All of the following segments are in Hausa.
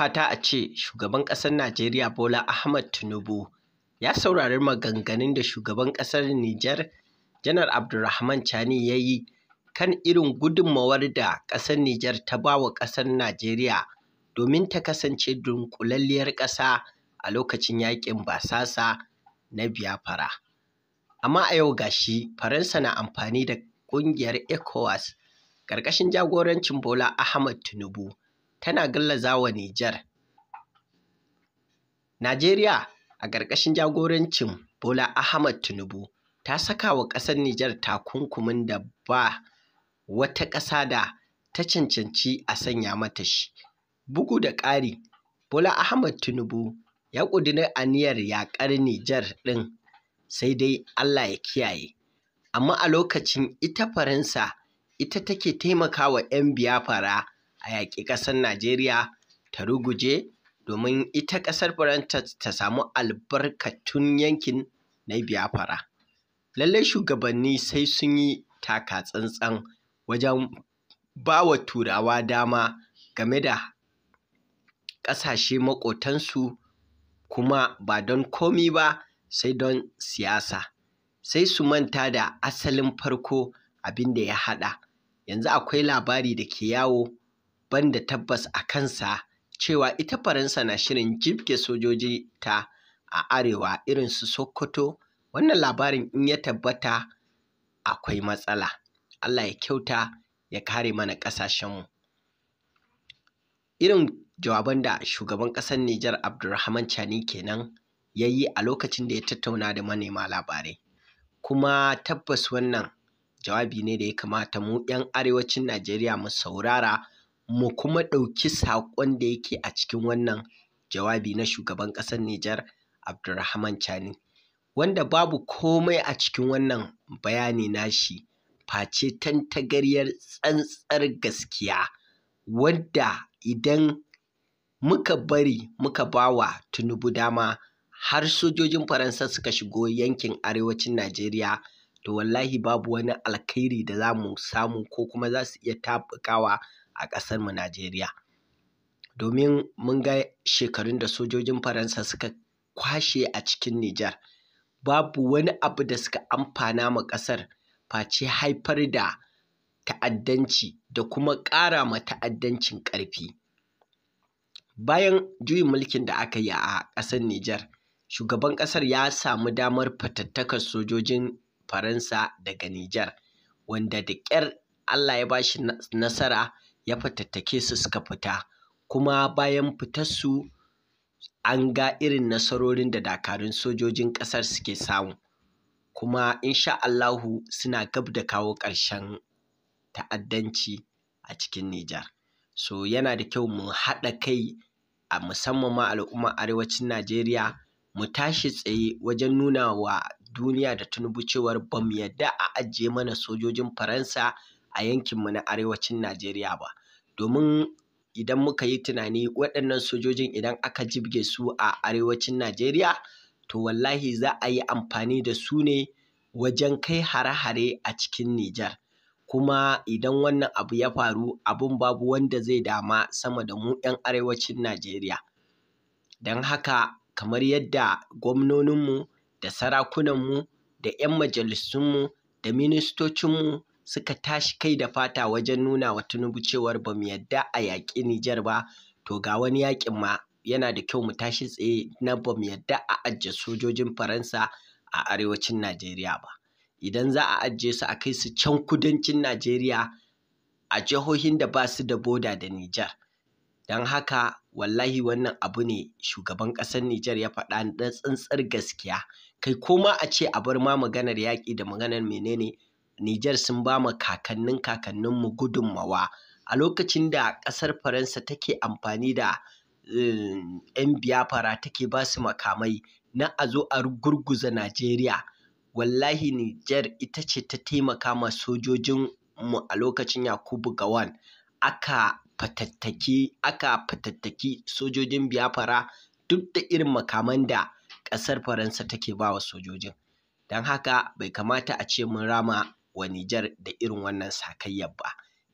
fata a ce shugaban ƙasar Najeriya Bola Ahmed Tinubu ya saurari maganganun da shugaban ƙasar Nijar Janar Abdulrahman Chani ya yi kan irin gudummawar da ƙasar Nijar ta ba wa ƙasar Najeriya domin ta kasance dunkulalliyar ƙasa a lokacin yaƙin basasa na Biafra. Amma a yau gashi Faransa na amfani da ƙungiyar ECOWAS ƙarƙashin jagorancin Bola Ahmed Tinubu tana gallazawa Nijar. Najeriya a ƙarƙashin jagorancin Bola Ahmad Tinubu ta saka wa ƙasar Nijar takunkumin da ba wata ƙasa da ta cancanci a sanya mata shi. Bugu da ƙari, Bola Ahmad Tinubu ya ƙudiri aniyar yaƙar Nijar ɗin sai dai Allah ya kiyaye. Amma a lokacin ita Faransa ita take taimakawa 'yan biyafara a yaƙi ƙasar Najeriya ta ruguje domin ita ƙasar faranta ta samu albarkatun yankin na Biafra. Lallai shugabanni sai sun yi taka tsantsan wajen ba wa Turawa dama game da ƙasashe maƙotansu kuma ba don komi ba sai don siyasa. Sai su manta da asalin farko abin da ya haɗa. Yanzu akwai labari da ke yawo ban da tabbas a kansa cewa ita Faransa na shirin jibge sojoji ta a arewa irin su Sokoto, wannan labarin in ya tabbata akwai matsala. Allah ya kyauta ya kare mana mu. Irin jawaban da shugaban ƙasar Nijar Abdulrahman Chani kenan ya yi a lokacin da ya tattauna da manema labarai. Kuma tabbas wannan jawabi ne da ya kamata mu 'yan arewacin Najeriya mu saurara. mu kuma ɗauki saƙon da yake a cikin wannan jawabi na shugaban ƙasar Nijar Abdurrahman Chani wanda babu komai a cikin wannan bayani nashi face tantagaryar tsantsar gaskiya wadda idan muka bari muka bawa Tinubu dama har sojojin Faransa suka shigo yankin arewacin Najeriya to wallahi babu wani alkhairi da za mu samu ko kuma za su iya taɓukawa a ƙasar ƙasarmu Najeriya. Domin mun ga shekarun da sojojin Faransa suka kwashe a cikin Nijar, babu wani abu da suka amfana ma ƙasar face haifar da ta'addanci da kuma ƙara ma ta'addancin ƙarfi. Bayan juyin mulkin da aka yi a ƙasar Nijar, shugaban ƙasar ya samu damar fatattakar sojojin Faransa daga Nijar, wanda da ƙyar Allah ya ba shi nasara ya fatattake su suka fita kuma bayan fitarsu an ga irin nasarorin da dakarun sojojin ƙasar suke samu kuma insha Allahu suna gab da kawo ƙarshen ta'addanci a cikin Nijar. So yana da kyau mu haɗa kai a musamman ma al'ummar arewacin Najeriya mu tashi tsaye wajen nuna wa duniya da tunubu cewar ba mu yarda a ajiye mana sojojin Faransa a yankinmu na arewacin Najeriya ba. domin idan muka yi tunani waɗannan sojojin idan aka jibge su a arewacin Najeriya to wallahi za a yi amfani da su ne wajen kai hare-hare a cikin Nijar. Kuma idan wannan abu ya faru abun babu wanda zai dama sama da mu 'yan arewacin Najeriya. Don haka kamar yadda gwamnoninmu da sarakunanmu da 'yan majalisunmu da ministocinmu suka tashi kai da fata wajen nuna wa Tinubu cewar ba mu yadda a yaƙi Nijar ba to ga wani yaƙin ma yana da kyau mu tashi tsaye na ba mu yadda a ajiye sojojin Faransa a arewacin Najeriya ba. Idan za a ajiye su a kai su can kudancin Najeriya a jihohin da ba su da boda da Nijar. Don haka wallahi wannan abu ne shugaban ƙasar Nijar ya faɗa na tsantsar gaskiya. Kai koma a ce a bar ma maganar yaƙi da maganar menene Nijar sun ba mu kakannin kakanninmu gudunmawa a lokacin da ƙasar Faransa take amfani da ‘yan eh, Biyafara take ba su makamai na a zo a gurguza Najeriya. Wallahi Nijar ita ce ta taimaka ma sojojinmu a lokacin Yakubu Gawan, aka fatattaki aka fatattaki sojojin Biyafara duk da irin makaman da ƙasar Faransa take ba wa sojojin. Don haka bai kamata a ce mun rama wa Nijar da irin wannan sakayyar ba.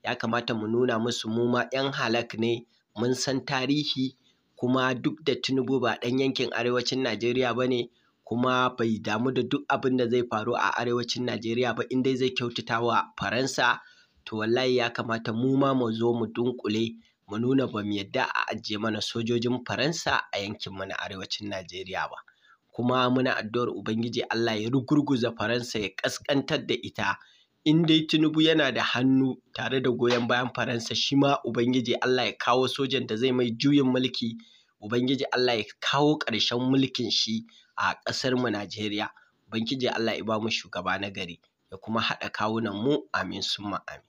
Ya kamata mu nuna musu mu ma 'yan halak ne mun san tarihi kuma duk da Tinubu ba ɗan yankin arewacin Najeriya ba ne kuma bai damu da duk abin da zai faru a arewacin Najeriya ba in dai zai kyautata wa Faransa to wallahi ya kamata mu ma mu zo mu dunƙule mu nuna ba mu yadda a ajiye mana sojojin Faransa a yankinmu na arewacin Najeriya ba. kuma muna addu'ar ubangiji Allah ya rugurguza Faransa ya ƙasƙantar da ita in dai Tinubu yana da hannu tare da goyon bayan Faransa shi ma ubangiji Allah ya kawo sojan da zai mai juyin mulki ubangiji Allah ya kawo ƙarshen mulkin shi a ƙasar mu Najeriya ubangiji Allah ya ba mu shugaba na gari ya kuma haɗa kawunan mu amin summa amin